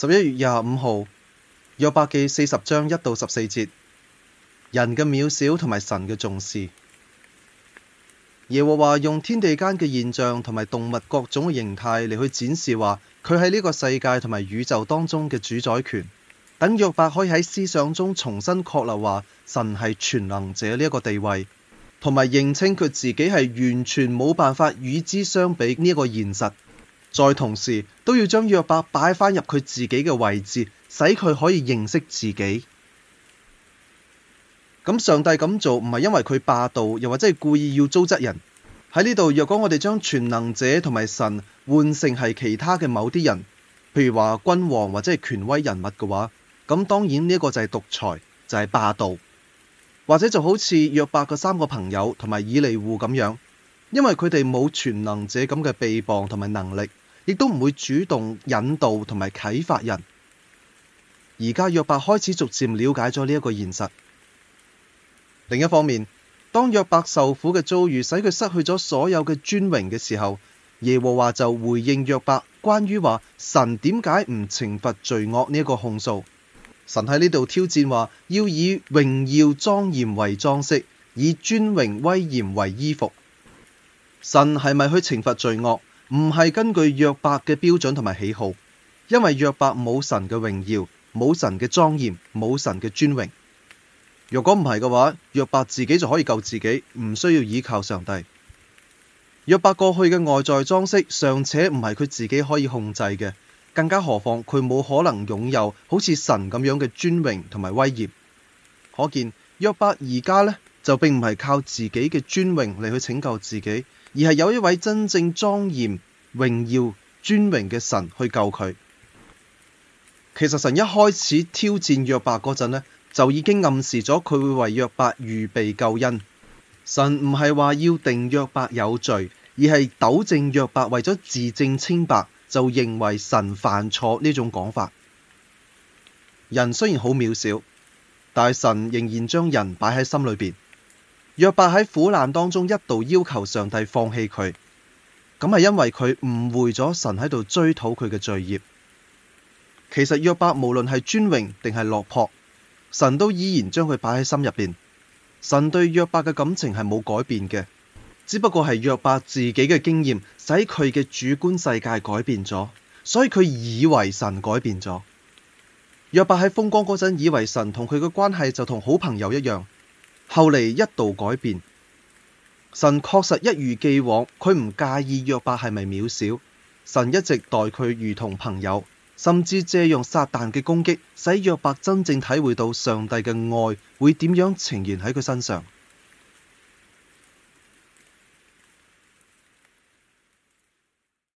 十一月廿五號，約伯記四十章一到十四節，人嘅渺小同埋神嘅重視。耶和華用天地間嘅現象同埋動物各種嘅形態嚟,去展示話，佢喺呢個世界同埋宇宙當中嘅主宰權。等約伯可以喺思想中重新確立話，神係全能者呢一個地位，同埋認清佢自己係完全冇辦法與之相比呢一個現實。再同時都要將約伯擺返入佢自己嘅位置，使佢可以認識自己。咁上帝咁做唔係因為佢霸道，又或者係故意要糟質人。喺呢度，若果我哋將全能者同埋神換成係其他嘅某啲人，譬如話君王或者係權威人物嘅話，咁當然呢個就係獨裁，就係霸道，或者就好似約伯嘅三個朋友同埋以利戶咁樣，因為佢哋冇全能者咁嘅臂膀同埋能力。亦都唔會主動引導同埋啟發人。而家約伯開始逐漸了解咗呢一個現實。另一方面，當約伯受苦嘅遭遇使佢失去咗所有嘅尊榮嘅時候，耶和華就回應約伯，關於話神點解唔懲罰罪惡呢一個控訴。神喺呢度挑戰話，要以榮耀莊嚴為裝飾，以尊榮威嚴為衣服。神係咪去懲罰罪惡？唔係根據約伯嘅標準同埋喜好，因為約伯冇神嘅榮耀，冇神嘅莊嚴，冇神嘅尊榮。若果唔係嘅話，約伯自己就可以救自己，唔需要依靠上帝。約伯過去嘅外在裝飾尚且唔係佢自己可以控制嘅，更加何況佢冇可能擁有好似神咁樣嘅尊榮同埋威嚴。可見，約伯而家呢。就並唔係靠自己嘅尊榮嚟去拯救自己，而係有一位真正莊嚴、榮耀、尊榮嘅神去救佢。其實神一開始挑戰約伯嗰陣呢，就已經暗示咗佢會為約伯預備救恩。神唔係話要定約伯有罪，而係糾正約伯為咗自證清白，就認為神犯錯呢種講法。人雖然好渺小，但係神仍然將人擺喺心裏邊。約伯喺苦難當中一度要求上帝放棄佢，咁係因為佢誤會咗神喺度追討佢嘅罪孽。其實約伯無論係尊榮定係落魄，神都依然將佢擺喺心入邊。神對約伯嘅感情係冇改變嘅，只不過係約伯自己嘅經驗使佢嘅主觀世界改變咗，所以佢以為神改變咗。約伯喺風光嗰陣以為神同佢嘅關係就同好朋友一樣。後嚟一度改變，神確實一如既往，佢唔介意約伯係咪渺小，神一直待佢如同朋友，甚至借用撒旦嘅攻擊，使約伯真正體會到上帝嘅愛會點樣呈現喺佢身上。